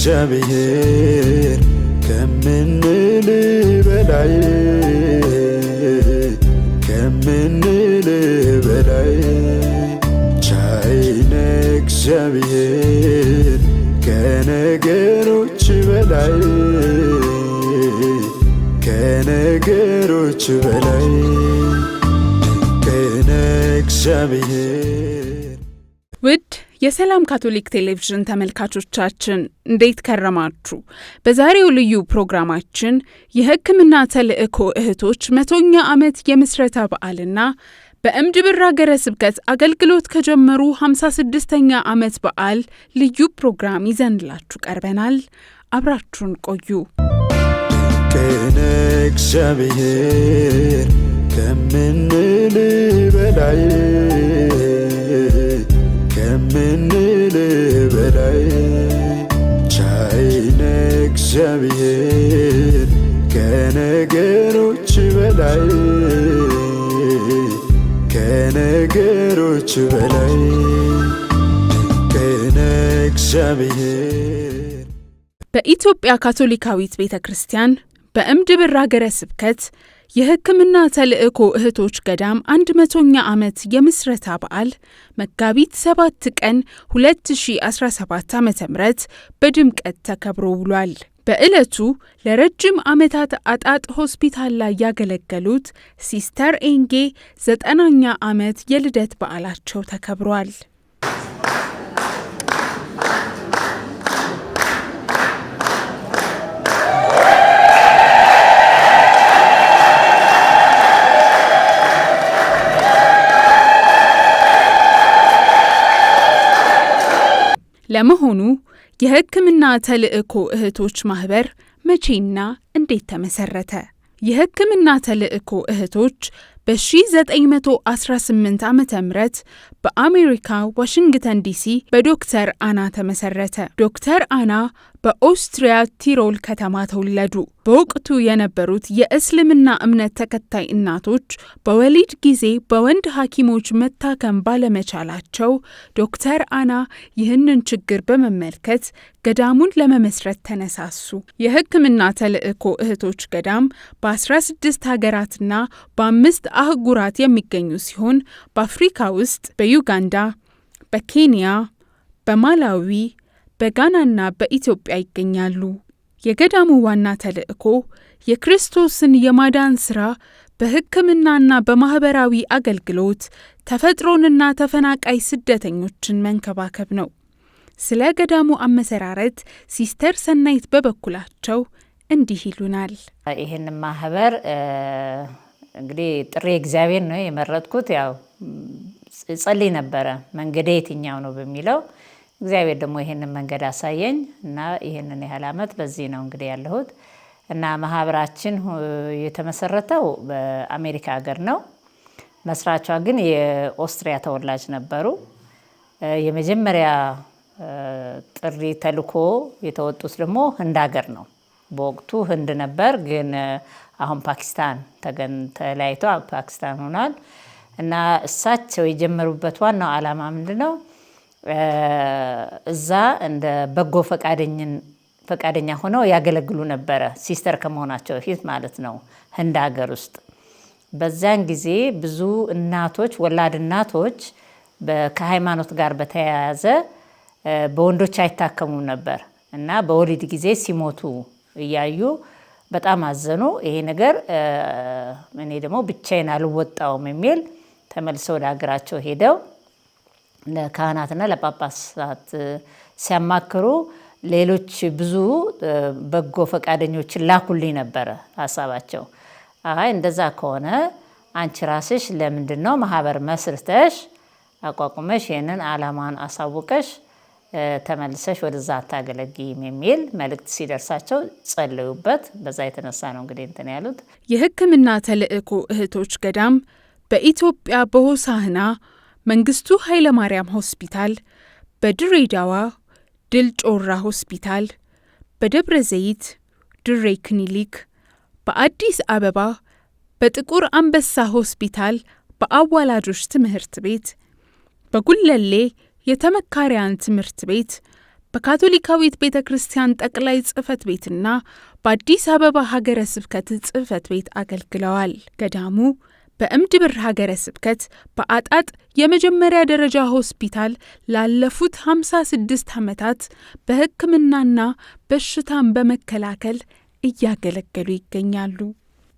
እግዚአብሔር ከምንል በላይ ከምንል በላይ ቻይነ እግዚአብሔር ከነገሮች በላይ ከነገሮች በላይ ከነ እግዚአብሔር የሰላም ካቶሊክ ቴሌቪዥን ተመልካቾቻችን እንዴት ከረማችሁ? በዛሬው ልዩ ፕሮግራማችን የሕክምና ተልእኮ እህቶች መቶኛ ዓመት የምስረታ በዓልና በእምድ ብር ሀገረ ስብከት አገልግሎት ከጀመሩ 56ኛ ዓመት በዓል ልዩ ፕሮግራም ይዘንላችሁ ቀርበናል። አብራችሁን ቆዩ። ቅን እግዚአብሔር ከምንል በላይ እግዚአብሔር ከነገሮች በላይ ከነገሮች በላይ ከነ እግዚአብሔር በኢትዮጵያ ካቶሊካዊት ቤተ ክርስቲያን በእምድብር አገረ ስብከት የሕክምና ተልእኮ እህቶች ገዳም አንድ መቶኛ ዓመት የምስረታ በዓል መጋቢት 7 ቀን 2017 ዓ ም በድምቀት ተከብሮ ውሏል። በዕለቱ ለረጅም ዓመታት አጣጥ ሆስፒታል ላይ ያገለገሉት ሲስተር ኤንጌ ዘጠናኛ ዓመት የልደት በዓላቸው ተከብሯል። ለመሆኑ የህክምና ተልዕኮ እህቶች ማህበር መቼና እንዴት ተመሰረተ? የህክምና ተልዕኮ እህቶች በ1918 ዓ ም በአሜሪካ ዋሽንግተን ዲሲ በዶክተር አና ተመሰረተ። ዶክተር አና በኦስትሪያ ቲሮል ከተማ ተወለዱ። በወቅቱ የነበሩት የእስልምና እምነት ተከታይ እናቶች በወሊድ ጊዜ በወንድ ሐኪሞች መታከም ባለመቻላቸው ዶክተር አና ይህንን ችግር በመመልከት ገዳሙን ለመመስረት ተነሳሱ። የሕክምና ተልዕኮ እህቶች ገዳም በ16 ሀገራትና በአምስት አህጉራት የሚገኙ ሲሆን በአፍሪካ ውስጥ በዩጋንዳ፣ በኬንያ፣ በማላዊ፣ በጋናና በኢትዮጵያ ይገኛሉ። የገዳሙ ዋና ተልዕኮ የክርስቶስን የማዳን ሥራ በሕክምናና በማኅበራዊ አገልግሎት፣ ተፈጥሮንና ተፈናቃይ ስደተኞችን መንከባከብ ነው። ስለ ገዳሙ አመሰራረት ሲስተር ሰናይት በበኩላቸው እንዲህ ይሉናል። ይህን ማህበር እንግዲህ ጥሪ እግዚአብሔር ነው የመረጥኩት። ያው ጸልይ ነበረ መንገዴ የትኛው ነው በሚለው እግዚአብሔር ደግሞ ይህንን መንገድ አሳየኝ እና ይህንን ያህል አመት በዚህ ነው እንግዲህ ያለሁት እና ማህበራችን የተመሰረተው በአሜሪካ ሀገር ነው። መስራቿ ግን የኦስትሪያ ተወላጅ ነበሩ። የመጀመሪያ ጥሪ ተልኮ የተወጡት ደግሞ ህንድ ሀገር ነው። በወቅቱ ህንድ ነበር፣ ግን አሁን ፓኪስታን ተገን ተለያይቶ ፓኪስታን ሆኗል። እና እሳቸው የጀመሩበት ዋናው ዓላማ ምንድን ነው? እዛ እንደ በጎ ፈቃደኛ ሆነው ያገለግሉ ነበረ፣ ሲስተር ከመሆናቸው በፊት ማለት ነው፣ ህንድ ሀገር ውስጥ በዚያን ጊዜ ብዙ እናቶች ወላድ እናቶች ከሃይማኖት ጋር በተያያዘ በወንዶች አይታከሙም ነበር እና በወሊድ ጊዜ ሲሞቱ እያዩ በጣም አዘኑ። ይሄ ነገር እኔ ደግሞ ብቻዬን አልወጣውም የሚል ተመልሰው ወደ ሀገራቸው ሄደው ለካህናትና ለጳጳሳት ሲያማክሩ ሌሎች ብዙ በጎ ፈቃደኞችን ላኩልኝ ነበረ ሀሳባቸው። አይ እንደዛ ከሆነ አንቺ ራስሽ ለምንድን ነው ማህበር መስርተሽ አቋቁመሽ ይህንን አላማን አሳውቀሽ ተመልሰሽ ወደዛ አታገለግይም የሚል መልእክት ሲደርሳቸው ጸለዩበት። በዛ የተነሳ ነው እንግዲህ እንትን ያሉት። የሕክምና ተልእኮ እህቶች ገዳም በኢትዮጵያ በሆሳህና መንግስቱ ኃይለማርያም ሆስፒታል፣ በድሬዳዋ ድል ጮራ ሆስፒታል፣ በደብረ ዘይት ድሬ ክኒሊክ፣ በአዲስ አበባ በጥቁር አንበሳ ሆስፒታል፣ በአዋላጆች ትምህርት ቤት፣ በጉለሌ የተመካሪያን ትምህርት ቤት በካቶሊካዊት ቤተ ክርስቲያን ጠቅላይ ጽህፈት ቤትና በአዲስ አበባ ሀገረ ስብከት ጽህፈት ቤት አገልግለዋል። ገዳሙ በእምድብር ሀገረ ስብከት በአጣጥ የመጀመሪያ ደረጃ ሆስፒታል ላለፉት 56 ዓመታት በሕክምናና በሽታን በመከላከል እያገለገሉ ይገኛሉ።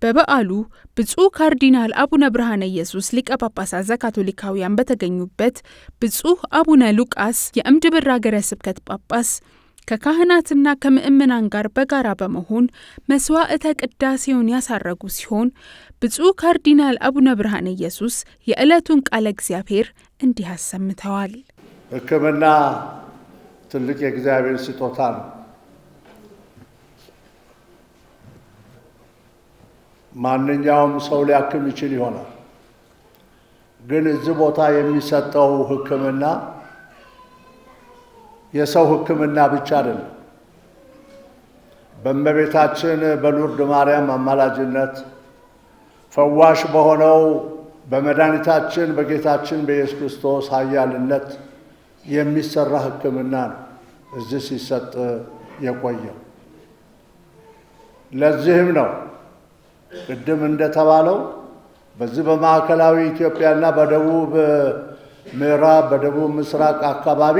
በበዓሉ ብፁዕ ካርዲናል አቡነ ብርሃነ ኢየሱስ ሊቀ ጳጳሳት ዘካቶሊካውያን በተገኙበት ብፁዕ አቡነ ሉቃስ የእምድብር አገረ ስብከት ጳጳስ ከካህናትና ከምእመናን ጋር በጋራ በመሆን መስዋዕተ ቅዳሴውን ያሳረጉ ሲሆን ብፁዕ ካርዲናል አቡነ ብርሃነ ኢየሱስ የዕለቱን ቃለ እግዚአብሔር እንዲህ አሰምተዋል። ሕክምና ትልቅ የእግዚአብሔር ስጦታ ነው። ማንኛውም ሰው ሊያክም ይችል ይሆናል። ግን እዚህ ቦታ የሚሰጠው ሕክምና የሰው ሕክምና ብቻ አይደለም። በእመቤታችን በሉርድ ማርያም አማላጅነት ፈዋሽ በሆነው በመድኃኒታችን በጌታችን በኢየሱስ ክርስቶስ ኃያልነት የሚሰራ ሕክምና ነው እዚህ ሲሰጥ የቆየው። ለዚህም ነው ቅድም እንደተባለው በዚህ በማዕከላዊ ኢትዮጵያና በደቡብ ምዕራብ በደቡብ ምስራቅ አካባቢ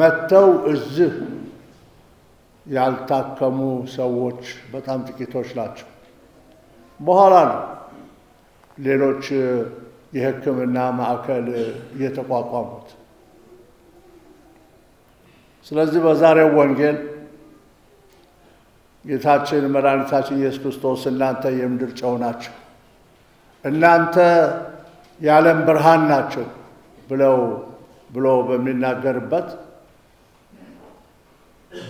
መጥተው እዚህ ያልታከሙ ሰዎች በጣም ጥቂቶች ናቸው። በኋላ ነው ሌሎች የሕክምና ማዕከል የተቋቋሙት። ስለዚህ በዛሬው ወንጌል ጌታችን መድኃኒታችን ኢየሱስ ክርስቶስ እናንተ የምድር ጨው ናቸው፣ እናንተ የዓለም ብርሃን ናቸው ብለው ብሎ በሚናገርበት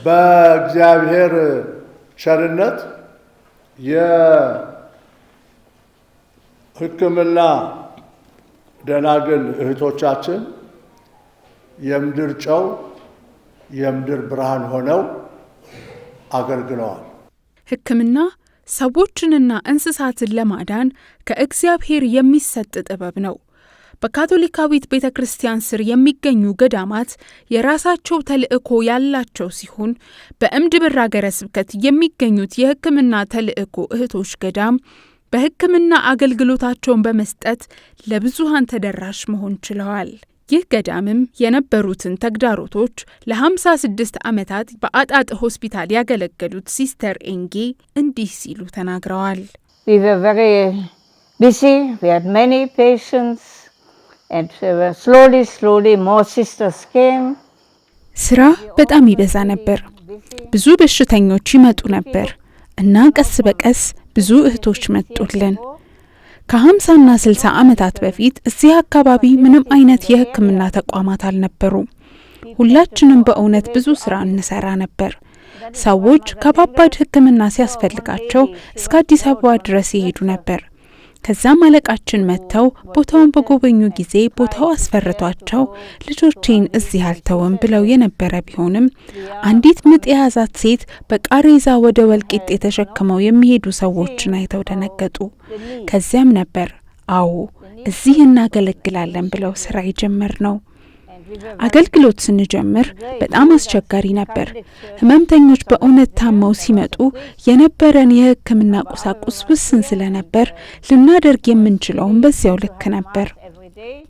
በእግዚአብሔር ቸርነት የሕክምና ደናግል እህቶቻችን የምድር ጨው የምድር ብርሃን ሆነው አገልግለዋል። ሕክምና ሰዎችንና እንስሳትን ለማዳን ከእግዚአብሔር የሚሰጥ ጥበብ ነው። በካቶሊካዊት ቤተ ክርስቲያን ስር የሚገኙ ገዳማት የራሳቸው ተልእኮ ያላቸው ሲሆን በእምድብር አገረ ስብከት የሚገኙት የሕክምና ተልእኮ እህቶች ገዳም በሕክምና አገልግሎታቸውን በመስጠት ለብዙሃን ተደራሽ መሆን ችለዋል። ይህ ገዳምም የነበሩትን ተግዳሮቶች ለ56 ዓመታት በአጣጥ ሆስፒታል ያገለገሉት ሲስተር ኤንጌ እንዲህ ሲሉ ተናግረዋል። ስራ በጣም ይበዛ ነበር። ብዙ በሽተኞች ይመጡ ነበር እና ቀስ በቀስ ብዙ እህቶች መጡልን። ከ50ና 60 ዓመታት በፊት እዚህ አካባቢ ምንም አይነት የሕክምና ተቋማት አልነበሩም። ሁላችንም በእውነት ብዙ ስራ እንሰራ ነበር። ሰዎች ከባባድ ሕክምና ሲያስፈልጋቸው እስከ አዲስ አበባ ድረስ ይሄዱ ነበር። ከዛም አለቃችን መጥተው ቦታውን በጎበኙ ጊዜ ቦታው አስፈርቷቸው ልጆቼን እዚህ አልተውም ብለው የነበረ ቢሆንም አንዲት ምጥ የያዛት ሴት በቃሬዛ ወደ ወልቂጤ ተሸክመው የሚሄዱ ሰዎችን አይተው ደነገጡ። ከዚያም ነበር አዎ እዚህ እናገለግላለን ብለው ስራ የጀመር ነው። አገልግሎት ስንጀምር በጣም አስቸጋሪ ነበር። ህመምተኞች በእውነት ታመው ሲመጡ የነበረን የህክምና ቁሳቁስ ውስን ስለነበር ልናደርግ የምንችለውን በዚያው ልክ ነበር።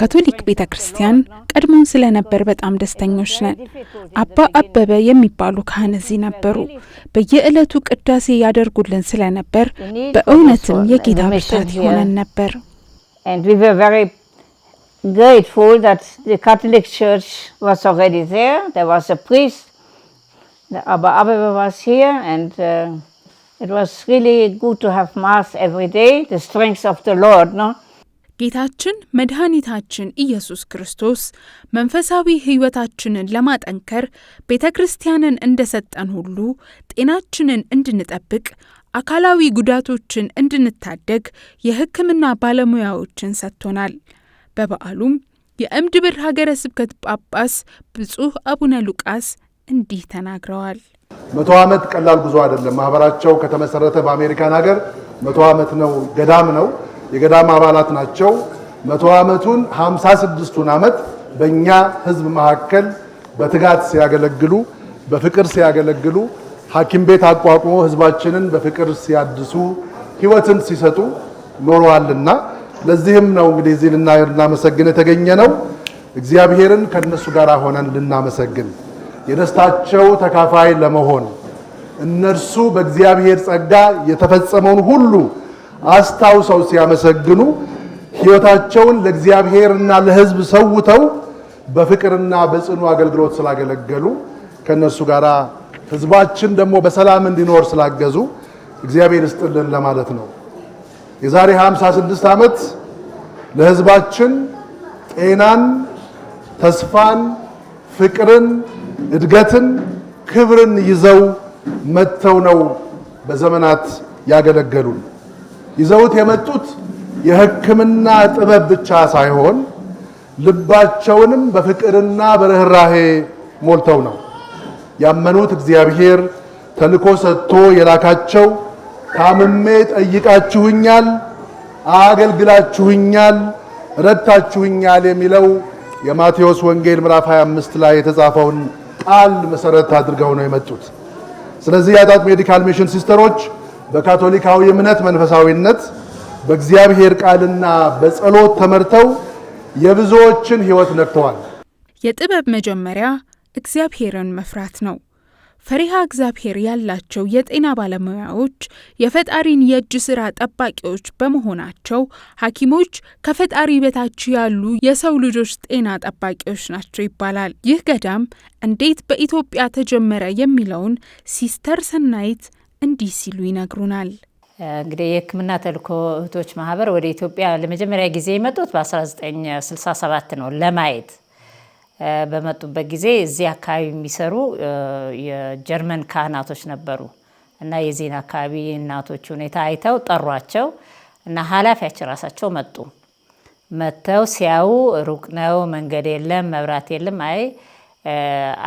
ካቶሊክ ቤተ ክርስቲያን ቀድሞን ስለነበር በጣም ደስተኞች ነን። አባ አበበ የሚባሉ ካህን እዚህ ነበሩ። በየዕለቱ ቅዳሴ ያደርጉልን ስለነበር በእውነትም የጌታ ብርታት ይሆነን ነበር። grateful that the Catholic Church was already there. There was a priest, the Abba Abba was here, and uh, it was really good to have Mass every day, the strength of the Lord, no? ጌታችን መድኃኒታችን ኢየሱስ ክርስቶስ መንፈሳዊ ሕይወታችንን ለማጠንከር ቤተ ክርስቲያንን እንደሰጠን ሁሉ ጤናችንን እንድንጠብቅ አካላዊ ጉዳቶችን እንድንታደግ የሕክምና ባለሙያዎችን ሰጥቶናል። በበዓሉም የእምድብር ሀገረ ስብከት ጳጳስ ብፁዕ አቡነ ሉቃስ እንዲህ ተናግረዋል። መቶ ዓመት ቀላል ጉዞ አይደለም። ማህበራቸው ከተመሰረተ በአሜሪካን ሀገር መቶ ዓመት ነው። ገዳም ነው፣ የገዳም አባላት ናቸው። መቶ ዓመቱን ሃምሳ ስድስቱን ዓመት በእኛ ህዝብ መካከል በትጋት ሲያገለግሉ፣ በፍቅር ሲያገለግሉ፣ ሐኪም ቤት አቋቁሞ ህዝባችንን በፍቅር ሲያድሱ፣ ህይወትን ሲሰጡ ኖረዋልና ለዚህም ነው እንግዲህ እዚህ ልናመሰግን የተገኘ ነው። እግዚአብሔርን ከነሱ ጋር ሆነን ልናመሰግን የደስታቸው ተካፋይ ለመሆን እነርሱ በእግዚአብሔር ጸጋ የተፈጸመውን ሁሉ አስታውሰው ሲያመሰግኑ ሕይወታቸውን ለእግዚአብሔርና ለሕዝብ ሰውተው በፍቅርና በጽኑ አገልግሎት ስላገለገሉ ከነሱ ጋር ሕዝባችን ደግሞ በሰላም እንዲኖር ስላገዙ እግዚአብሔር ይስጥልን ለማለት ነው። የዛሬ 56 ዓመት ለህዝባችን ጤናን፣ ተስፋን፣ ፍቅርን፣ እድገትን፣ ክብርን ይዘው መጥተው ነው በዘመናት ያገለገሉ። ይዘውት የመጡት የህክምና ጥበብ ብቻ ሳይሆን ልባቸውንም በፍቅርና በርህራሄ ሞልተው ነው ያመኑት። እግዚአብሔር ተልኮ ሰጥቶ የላካቸው ታምሜ ጠይቃችሁኛል፣ አገልግላችሁኛል፣ ረድታችሁኛል የሚለው የማቴዎስ ወንጌል ምዕራፍ 25 ላይ የተጻፈውን ቃል መሰረት አድርገው ነው የመጡት። ስለዚህ የአጣት ሜዲካል ሚሽን ሲስተሮች በካቶሊካዊ እምነት መንፈሳዊነት በእግዚአብሔር ቃልና በጸሎት ተመርተው የብዙዎችን ሕይወት ነክተዋል። የጥበብ መጀመሪያ እግዚአብሔርን መፍራት ነው። ፈሪሃ እግዚአብሔር ያላቸው የጤና ባለሙያዎች የፈጣሪን የእጅ ስራ ጠባቂዎች በመሆናቸው ሐኪሞች ከፈጣሪ በታች ያሉ የሰው ልጆች ጤና ጠባቂዎች ናቸው ይባላል። ይህ ገዳም እንዴት በኢትዮጵያ ተጀመረ የሚለውን ሲስተር ሰናይት እንዲህ ሲሉ ይነግሩናል። እንግዲህ የሕክምና ተልእኮ እህቶች ማህበር ወደ ኢትዮጵያ ለመጀመሪያ ጊዜ የመጡት በ1967 ነው ለማየት በመጡበት ጊዜ እዚህ አካባቢ የሚሰሩ የጀርመን ካህናቶች ነበሩ እና የዜና አካባቢ እናቶች ሁኔታ አይተው ጠሯቸው እና ኃላፊያቸው ራሳቸው መጡ። መጥተው ሲያዩ ሩቅ ነው፣ መንገድ የለም፣ መብራት የለም። አይ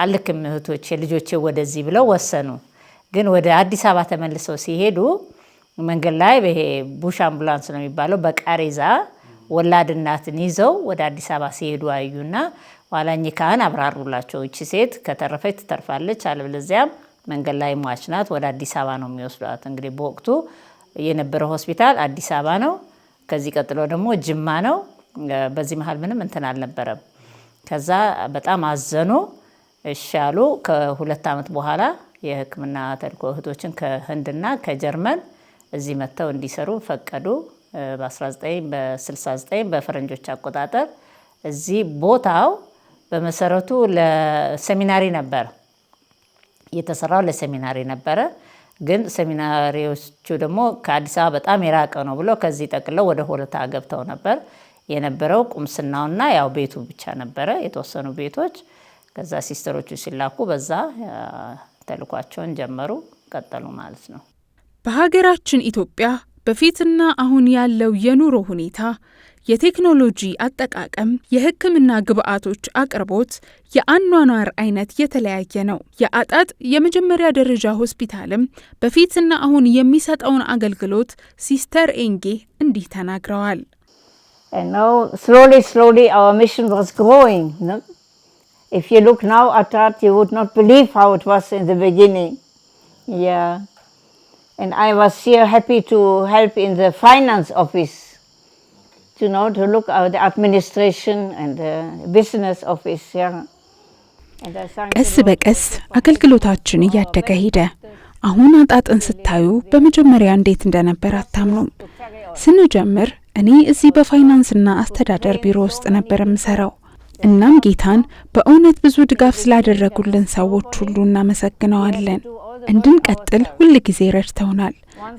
አልክም እህቶቼ፣ ልጆቼ ወደዚህ ብለው ወሰኑ። ግን ወደ አዲስ አበባ ተመልሰው ሲሄዱ መንገድ ላይ ይሄ ቡሽ አምቡላንስ ነው የሚባለው በቃሬዛ ወላድ እናትን ይዘው ወደ አዲስ አበባ ሲሄዱ አዩና ኋላኝ ካህን አብራሩላቸው። እቺ ሴት ከተረፈች ትተርፋለች፣ አለበለዚያም መንገድ ላይ ሟች ናት፣ ወደ አዲስ አበባ ነው የሚወስዷት። እንግዲህ በወቅቱ የነበረው ሆስፒታል አዲስ አበባ ነው። ከዚህ ቀጥሎ ደግሞ ጅማ ነው። በዚህ መሀል ምንም እንትን አልነበረም። ከዛ በጣም አዘኑ። እሺ አሉ። ከሁለት ዓመት በኋላ የህክምና ተልእኮ እህቶችን ከህንድና ከጀርመን እዚህ መጥተው እንዲሰሩ ፈቀዱ። በ1969 በፈረንጆች አቆጣጠር እዚህ ቦታው በመሰረቱ ለሰሚናሪ ነበር የተሰራው ለሰሚናሪ ነበረ። ግን ሰሚናሪዎቹ ደግሞ ከአዲስ አበባ በጣም የራቀ ነው ብሎ ከዚህ ጠቅለው ወደ ሆለታ ገብተው ነበር። የነበረው ቁምስናውና ያው ቤቱ ብቻ ነበረ፣ የተወሰኑ ቤቶች። ከዛ ሲስተሮቹ ሲላኩ በዛ ተልኳቸውን ጀመሩ፣ ቀጠሉ ማለት ነው። በሀገራችን ኢትዮጵያ በፊትና አሁን ያለው የኑሮ ሁኔታ የቴክኖሎጂ አጠቃቀም፣ የህክምና ግብዓቶች አቅርቦት፣ የአኗኗር አይነት የተለያየ ነው። የአጣጥ የመጀመሪያ ደረጃ ሆስፒታልም በፊትና አሁን የሚሰጠውን አገልግሎት ሲስተር ኤንጌ እንዲህ ተናግረዋል። And I was here happy to help in the finance office to know to look at the administration and the business office yeah ቀስ በቀስ አገልግሎታችን oh, እያደገ ሄደ። አሁን አጣጥን ስታዩ በመጀመሪያ እንዴት እንደነበር አታምኑም። ስንጀምር እኔ እዚህ በፋይናንስና አስተዳደር ቢሮ ውስጥ ነበር የምሰራው። እናም ጌታን በእውነት ብዙ ድጋፍ ስላደረጉልን ሰዎች ሁሉ እናመሰግነዋለን። እንድንቀጥል ሁል ጊዜ ረድተውናል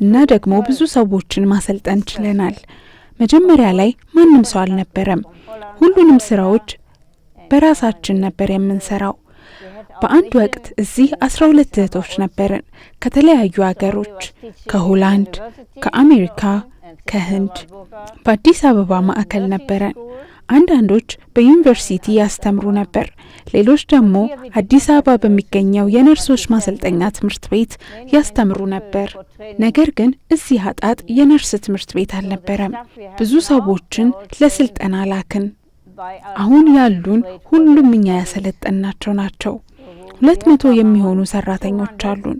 እና ደግሞ ብዙ ሰዎችን ማሰልጠን ችለናል። መጀመሪያ ላይ ማንም ሰው አልነበረም። ሁሉንም ስራዎች በራሳችን ነበር የምንሰራው። በአንድ ወቅት እዚህ አስራ ሁለት እህቶች ነበርን ከተለያዩ አገሮች ከሆላንድ፣ ከአሜሪካ፣ ከህንድ በአዲስ አበባ ማዕከል ነበረን። አንዳንዶች በዩኒቨርሲቲ ያስተምሩ ነበር። ሌሎች ደግሞ አዲስ አበባ በሚገኘው የነርሶች ማሰልጠኛ ትምህርት ቤት ያስተምሩ ነበር። ነገር ግን እዚህ አጣጥ የነርስ ትምህርት ቤት አልነበረም። ብዙ ሰዎችን ለስልጠና ላክን። አሁን ያሉን ሁሉም እኛ ያሰለጠናቸው ናቸው። ሁለት መቶ የሚሆኑ ሰራተኞች አሉን።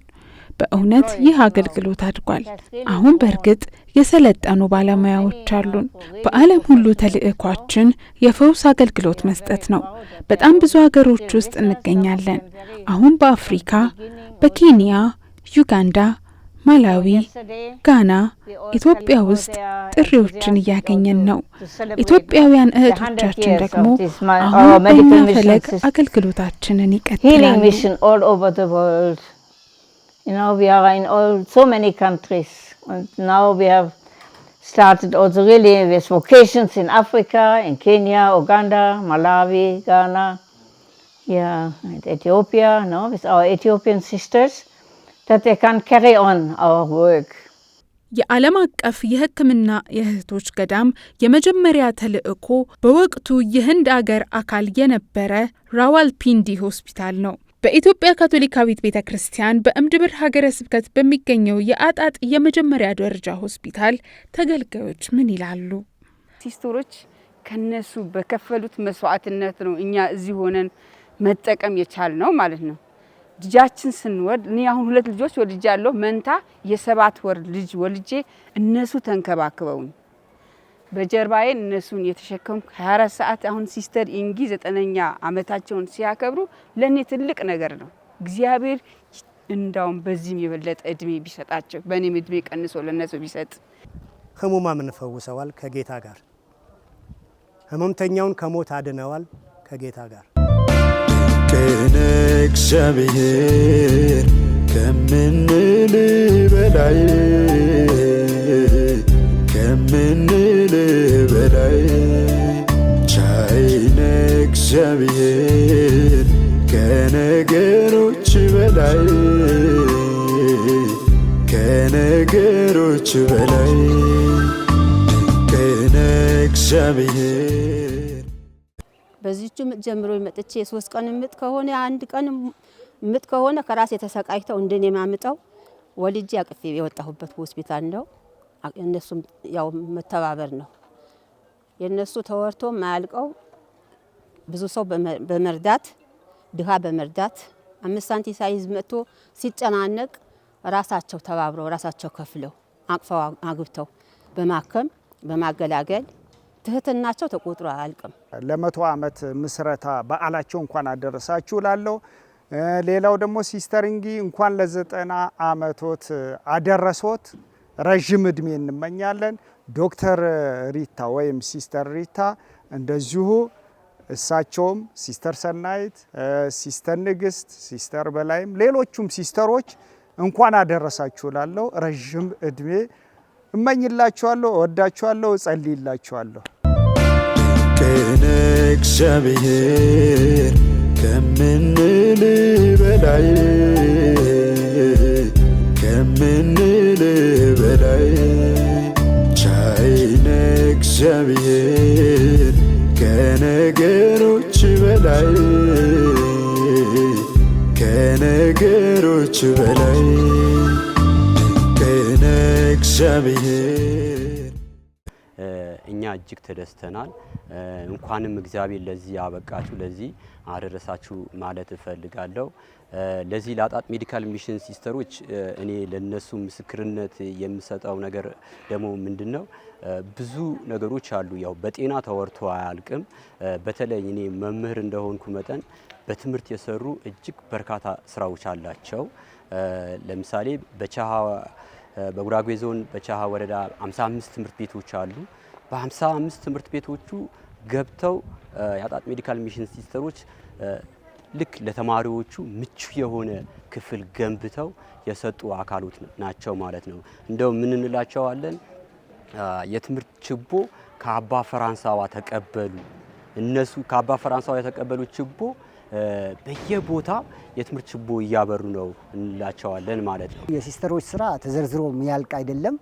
በእውነት ይህ አገልግሎት አድጓል። አሁን በእርግጥ የሰለጠኑ ባለሙያዎች አሉን። በዓለም ሁሉ ተልእኳችን የፈውስ አገልግሎት መስጠት ነው። በጣም ብዙ ሀገሮች ውስጥ እንገኛለን። አሁን በአፍሪካ፣ በኬንያ፣ ዩጋንዳ፣ ማላዊ፣ ጋና፣ ኢትዮጵያ ውስጥ ጥሪዎችን እያገኘን ነው። ኢትዮጵያውያን እህቶቻችን ደግሞ አሁን በእኛ ፈለግ አገልግሎታችንን ይቀጥላሉ። You know, we are in all, so many countries. And now we have started also really with vocations in Africa, in Kenya, Uganda, Malawi, Ghana, yeah, and Ethiopia, no, with our Ethiopian sisters, that they can carry on our work. የዓለም አቀፍ የሕክምና የእህቶች ገዳም የመጀመሪያ ተልእኮ በወቅቱ የህንድ አገር አካል የነበረ ራዋልፒንዲ ሆስፒታል ነው። በኢትዮጵያ ካቶሊካዊት ቤተ ክርስቲያን በእምድብር ሀገረ ስብከት በሚገኘው የአጣጥ የመጀመሪያ ደረጃ ሆስፒታል ተገልጋዮች ምን ይላሉ? ሲስተሮች ከነሱ በከፈሉት መስዋዕትነት ነው እኛ እዚህ ሆነን መጠቀም የቻል ነው ማለት ነው። ልጃችን ስንወልድ እኔ አሁን ሁለት ልጆች ወልጃለሁ። መንታ የሰባት ወር ልጅ ወልጄ እነሱ ተንከባክበውኝ በጀርባዬ እነሱን የተሸከምኩ 24 ሰዓት አሁን ሲስተር ኢንጊ ዘጠነኛ ዓመታቸውን ሲያከብሩ ለእኔ ትልቅ ነገር ነው። እግዚአብሔር እንዳውም በዚህም የበለጠ እድሜ ቢሰጣቸው በእኔም እድሜ ቀንሶ ለነሱ ቢሰጥ። ህሙማም እንፈውሰዋል ከጌታ ጋር ህመምተኛውን ከሞት አድነዋል ከጌታ ጋር ቅን እግዚአብሔር ከምንል በላይ ጀምሮ መጥቼ የሶስት ቀን ምጥ ከሆነ አንድ ቀን ምጥ ከሆነ ከራሴ ተሰቃይተው እንደኔ ማምጠው ወልጄ አቅፌ የወጣሁበት ሆስፒታል ነው። እነሱም ያው መተባበር ነው የነሱ ተወርቶ ማያልቀው ብዙ ሰው በመርዳት ድሃ በመርዳት አምስት ሳንቲም ሳይዝ መጥቶ ሲጨናነቅ ራሳቸው ተባብረው ራሳቸው ከፍለው አቅፈው አግብተው በማከም በማገላገል ትህትናቸው ተቆጥሮ አያልቅም። ለመቶ ዓመት ምስረታ በዓላቸው እንኳን አደረሳችሁ ላለው ሌላው ደግሞ ሲስተርንጊ እንኳን ለዘጠና ዓመቶት አደረሶት ረዥም እድሜ እንመኛለን። ዶክተር ሪታ ወይም ሲስተር ሪታ እንደዚሁ እሳቸውም ሲስተር ሰናይት፣ ሲስተር ንግስት፣ ሲስተር በላይም ሌሎቹም ሲስተሮች እንኳን አደረሳችሁ ላለው ረዥም እድሜ እመኝላችኋለሁ፣ እወዳችኋለሁ፣ እጸልይላችኋለሁ። ቅን እግዚአብሔር ከምንል በላይ ከምንል በላይ ቻይነ እግዚአብሔር ከነገሮች በላይ ከነገሮች በላይ እግዚአብሔር እኛ እጅግ ተደስተናል። እንኳንም እግዚአብሔር ለዚህ ያበቃችሁ ለዚህ አደረሳችሁ ማለት እፈልጋለሁ። ለዚህ ለአጣጥ ሜዲካል ሚሽን ሲስተሮች እኔ ለነሱ ምስክርነት የምሰጠው ነገር ደግሞ ምንድን ነው? ብዙ ነገሮች አሉ። ያው በጤና ተወርቶ አያልቅም። በተለይ እኔ መምህር እንደሆንኩ መጠን በትምህርት የሰሩ እጅግ በርካታ ስራዎች አላቸው። ለምሳሌ በቻሃ በጉራጌ ዞን በቻሃ ወረዳ 55 ትምህርት ቤቶች አሉ። በ55 ትምህርት ቤቶቹ ገብተው የአጣጥ ሜዲካል ሚሽን ሲስተሮች ልክ ለተማሪዎቹ ምቹ የሆነ ክፍል ገንብተው የሰጡ አካሎት ናቸው ማለት ነው። እንደው ምን እንላቸዋለን? የትምህርት ችቦ ከአባ ፈራንሳዋ ተቀበሉ። እነሱ ከአባ ፈራንሳዋ የተቀበሉት ችቦ በየቦታ የትምህርት ችቦ እያበሩ ነው እንላቸዋለን ማለት ነው። የሲስተሮች ስራ ተዘርዝሮ የሚያልቅ አይደለም።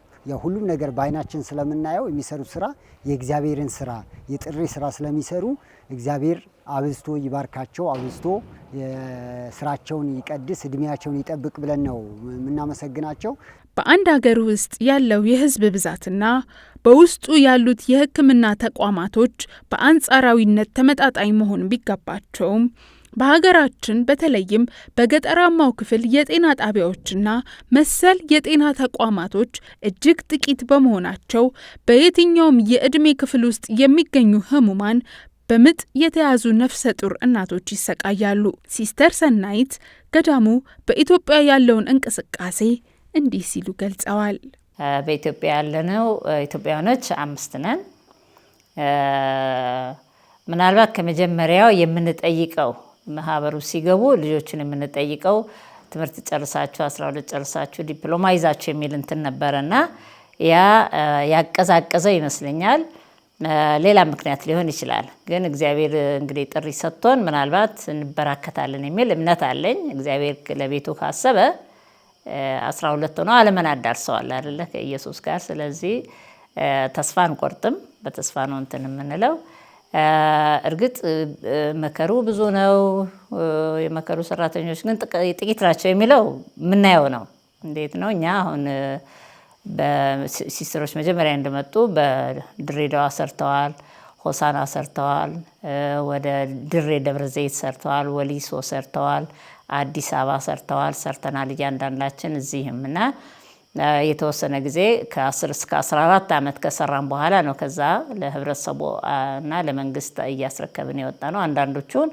ሁሉም ነገር በአይናችን ስለምናየው የሚሰሩት ስራ የእግዚአብሔርን ስራ የጥሪ ስራ ስለሚሰሩ እግዚአብሔር አብዝቶ ይባርካቸው፣ አብዝቶ ስራቸውን ይቀድስ፣ እድሜያቸውን ይጠብቅ ብለን ነው የምናመሰግናቸው። በአንድ ሀገር ውስጥ ያለው የህዝብ ብዛትና በውስጡ ያሉት የሕክምና ተቋማቶች በአንጻራዊነት ተመጣጣኝ መሆን ቢገባቸውም በሀገራችን በተለይም በገጠራማው ክፍል የጤና ጣቢያዎችና መሰል የጤና ተቋማቶች እጅግ ጥቂት በመሆናቸው በየትኛውም የዕድሜ ክፍል ውስጥ የሚገኙ ህሙማን በምጥ የተያዙ ነፍሰ ጡር እናቶች ይሰቃያሉ። ሲስተር ሰናይት ገዳሙ በኢትዮጵያ ያለውን እንቅስቃሴ እንዲህ ሲሉ ገልጸዋል። በኢትዮጵያ ያለነው ኢትዮጵያውያኖች አምስት ነን። ምናልባት ከመጀመሪያው የምንጠይቀው ማህበሩ ሲገቡ ልጆችን የምንጠይቀው ትምህርት ጨርሳችሁ አስራ ሁለት ጨርሳችሁ ዲፕሎማ ይዛችሁ የሚል እንትን ነበረና ያ ያቀዛቀዘው ይመስለኛል። ሌላ ምክንያት ሊሆን ይችላል። ግን እግዚአብሔር እንግዲህ ጥሪ ሰጥቶን ምናልባት እንበራከታለን የሚል እምነት አለኝ። እግዚአብሔር ለቤቱ ካሰበ አስራ ሁለት ሆነው አለመን አዳርሰዋል አይደለ ከኢየሱስ ጋር። ስለዚህ ተስፋ አንቆርጥም፣ በተስፋ ነው እንትን የምንለው። እርግጥ መከሩ ብዙ ነው፣ የመከሩ ሰራተኞች ግን ጥቂት ናቸው የሚለው የምናየው ነው። እንዴት ነው እኛ አሁን በሲስተሮች መጀመሪያ እንደመጡ በድሬዳዋ ሰርተዋል፣ ሆሳና ሰርተዋል፣ ወደ ድሬ ደብረ ዘይት ሰርተዋል፣ ወሊሶ ሰርተዋል፣ አዲስ አበባ ሰርተዋል፣ ሰርተናል እያንዳንዳችን እዚህም እና የተወሰነ ጊዜ ከ10 እስከ 14 ዓመት ከሰራን በኋላ ነው ከዛ ለህብረተሰቡ እና ለመንግስት እያስረከብን የወጣ ነው። አንዳንዶቹን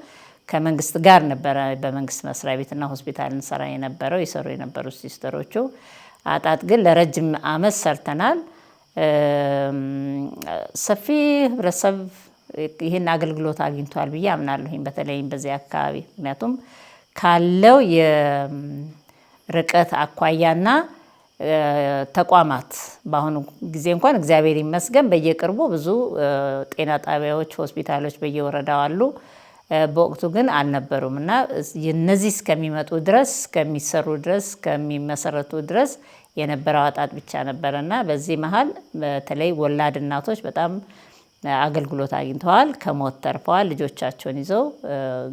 ከመንግስት ጋር ነበረ በመንግስት መስሪያ ቤትና ሆስፒታል እንሰራ የነበረው ይሰሩ የነበሩ ሲስተሮቹ። አጣጥ ግን ለረጅም አመት ሰርተናል። ሰፊ ህብረተሰብ ይህን አገልግሎት አግኝቷል ብዬ አምናለሁኝ፣ በተለይም በዚህ አካባቢ ምክንያቱም ካለው የርቀት አኳያና ተቋማት በአሁኑ ጊዜ እንኳን እግዚአብሔር ይመስገን በየቅርቡ ብዙ ጤና ጣቢያዎች፣ ሆስፒታሎች በየወረዳው አሉ። በወቅቱ ግን አልነበሩም እና እነዚህ እስከሚመጡ ድረስ እስከሚሰሩ ድረስ እስከሚመሰረቱ ድረስ የነበረው አጣጥ ብቻ ነበረ እና በዚህ መሀል በተለይ ወላድ እናቶች በጣም አገልግሎት አግኝተዋል። ከሞት ተርፈዋል። ልጆቻቸውን ይዘው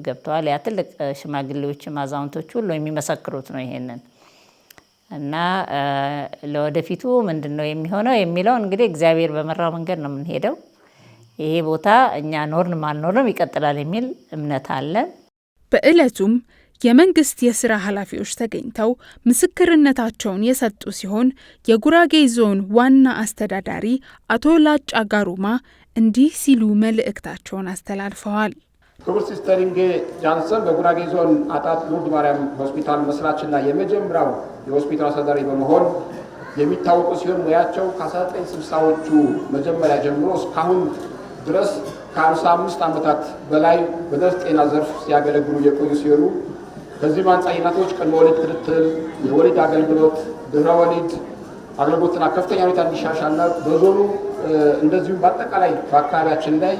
ገብተዋል። ያ ትልቅ ሽማግሌዎችም አዛውንቶች ሁሉ የሚመሰክሩት ነው ይሄንን እና ለወደፊቱ ምንድን ነው የሚሆነው የሚለው እንግዲህ እግዚአብሔር በመራው መንገድ ነው የምንሄደው። ይሄ ቦታ እኛ ኖርን አልኖርንም ይቀጥላል የሚል እምነት አለን። በእለቱም የመንግስት የስራ ኃላፊዎች ተገኝተው ምስክርነታቸውን የሰጡ ሲሆን የጉራጌ ዞን ዋና አስተዳዳሪ አቶ ላጫ ጋሩማ እንዲህ ሲሉ መልእክታቸውን አስተላልፈዋል። ክቡር ሲስተር ኢንጌ ጃንሰን በጉራጌ ዞን አጣት ሉርድ ማርያም ሆስፒታል መስራችና የመጀመሪያው የሆስፒታል አስተዳዳሪ በመሆን የሚታወቁ ሲሆን ሙያቸው ከ1960ዎቹ መጀመሪያ ጀምሮ እስካሁን ድረስ ከ55 ዓመታት በላይ በነፍስ ጤና ዘርፍ ሲያገለግሉ የቆዩ ሲሆኑ ከዚህም አንጻር የእናቶች ቅድመ ወሊድ ክትትል፣ የወሊድ አገልግሎት፣ ድህረ ወሊድ አገልግሎትና ከፍተኛ ሁኔታ እንዲሻሻልና በዞኑ እንደዚሁም በአጠቃላይ በአካባቢያችን ላይ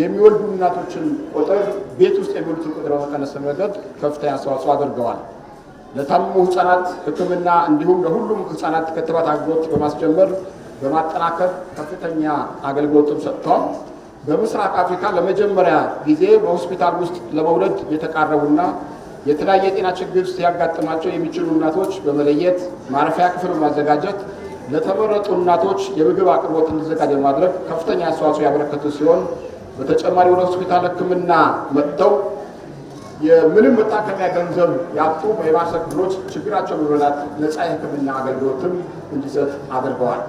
የሚወልዱ እናቶችን ቁጥር ቤት ውስጥ የሚወልዱትን ቁጥር በመቀነስ ረገድ ከፍተኛ አስተዋጽኦ አድርገዋል። ለታመሙ ህጻናት ሕክምና እንዲሁም ለሁሉም ህጻናት ክትባት አገልግሎት በማስጀመር በማጠናከር ከፍተኛ አገልግሎትም ሰጥተዋል። በምስራቅ አፍሪካ ለመጀመሪያ ጊዜ በሆስፒታል ውስጥ ለመውለድ የተቃረቡና የተለያየ የጤና ችግር ሲያጋጥማቸው የሚችሉ እናቶች በመለየት ማረፊያ ክፍል በማዘጋጀት ለተመረጡ እናቶች የምግብ አቅርቦት እንዲዘጋጅ በማድረግ ከፍተኛ አስተዋጽኦ ያበረከቱ ሲሆን በተጨማሪ ወደ ሆስፒታል ሕክምና መጥተው የምንም መታከሚያ ገንዘብ ያጡ የባሰ ክፍሎች ችግራቸው በመረዳት ነፃ የሕክምና አገልግሎትም እንዲሰጥ አድርገዋል።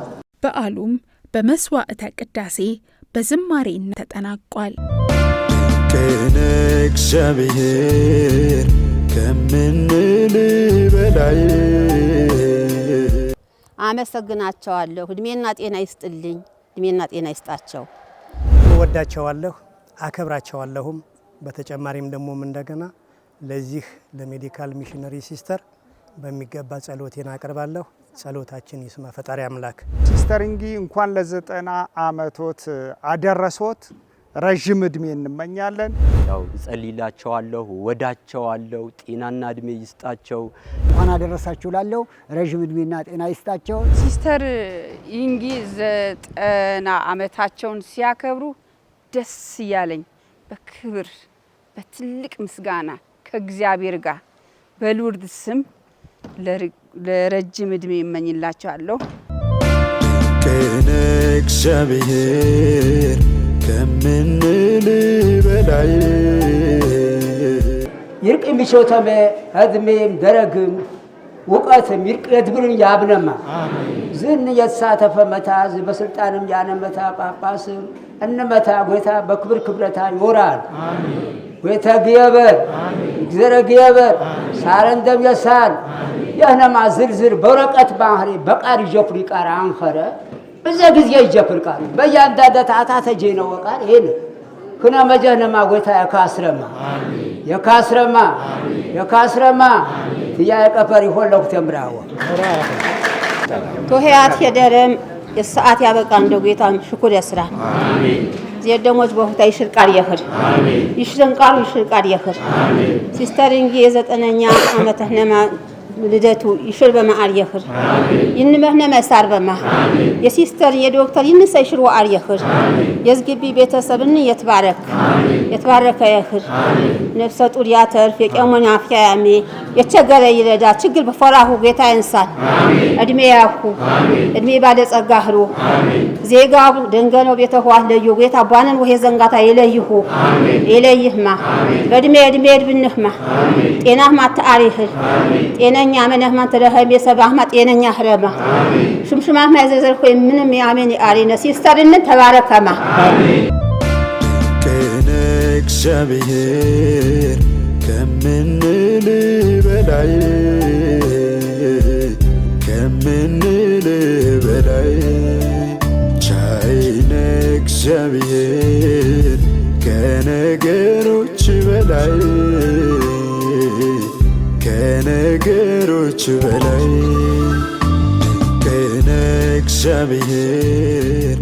በዓሉም በመስዋዕተ ቅዳሴ በዝማሬና ተጠናቋል። ቅን እግዚአብሔር ከምንል በላይ አመሰግናቸዋለሁ። እድሜና ጤና ይስጥልኝ፣ እድሜና ጤና ይስጣቸው። እወዳቸዋለሁ፣ አከብራቸዋለሁም። በተጨማሪም ደግሞ እንደገና ለዚህ ለሜዲካል ሚሽነሪ ሲስተር በሚገባ ጸሎቴን አቅርባለሁ። ጸሎታችን ይስማ ፈጣሪ አምላክ። ሲስተር እንጊ እንኳን ለዘጠና አመቶት አደረሶት ረዥም እድሜ እንመኛለን። ያው እጸልይላቸዋለሁ፣ ወዳቸዋለሁ። ጤናና እድሜ ይስጣቸው። እንኳን አደረሳችሁ ላለው ረዥም እድሜና ጤና ይስጣቸው። ሲስተር እንጊ ዘጠና አመታቸውን ሲያከብሩ ደስ እያለኝ በክብር በትልቅ ምስጋና ከእግዚአብሔር ጋር በልውርድ ስም ለረጅም እድሜ እመኝላቸዋለሁ። ቅን እግዚአብሔር ከምንል በላይ ይርቅ የሚሾተመ ህድሜም ደረግም ውቀትም ይርቅለትብሉን ያብነማ ዝን የተሳተፈ መታ በስልጣንም ያነመታ ጳጳስም እንመታ ጎታ በክብር ክብረታ ይወራል ጎታ ግየበር እግዘረ ግየበር ሳረ እንደም የሳል የህነማ ዝርዝር በረቀት ባህሪ በቃር ይጀፍር ይቃር አንኸረ በዛ ጊዜ ይጀፍር ቃር በእያንዳንደ ታታ ተጄነወ ቃር ይሄን ክነ መጀህነማ ጎታ የካስረማ የካስረማ የካስረማ እያቀፈር ይሆን ለኩቴም ብርሃወ ቶሄያት የደረም የሰዓት ያበቃ እንደ ጌታም ሽኩር ያስራ የደሞች በሁታ ይሽርቃል የኽር ይሽርንቃሉ ይሽርቃል የኽር ሲስተር እንጊ የዘጠነኛ ዓመተ ህነማ ልደቱ ይሽር በማዓር የኽር ይንመህነ መሳር በማ የሲስተር የዶክተር ይንሰ ይሽር ወአር የኽር የዝግቢ ቤተሰብን የትባረክ የትባረከ የኽር ነፍሰ ጡር ያተርፍ የቀሞን አፍያ ያሜ የቸገረ ይረዳ ችግር በፈራሁ ጌታ ይንሳል እድሜ ያኩ እድሜ ባለ ጸጋ ህሮ ዜጋ ደንገነው ቤተ ለዩ ጌታ ቧንን ወሄ ዘንጋታ ይለይሁ ይለይህማ በእድሜ እድሜ እድብንህማ ጤናህማ ተአሪህል ጤና ጤነኛ አመን ያህማን ተደሃይ ቤተሰብ አህማ ጤነኛ ህረማ ሹምሹማ አህማ ኮይ ምንም የአሜን የአሪነ ሲስተርንን ተባረከማ ቅን እግዚአብሔር ከምንል በላይ ከምንል በላይ ቻይነ እግዚአብሔር ከነገሮች በላይ ከነገሮች በላይ ከነ እግዚአብሔር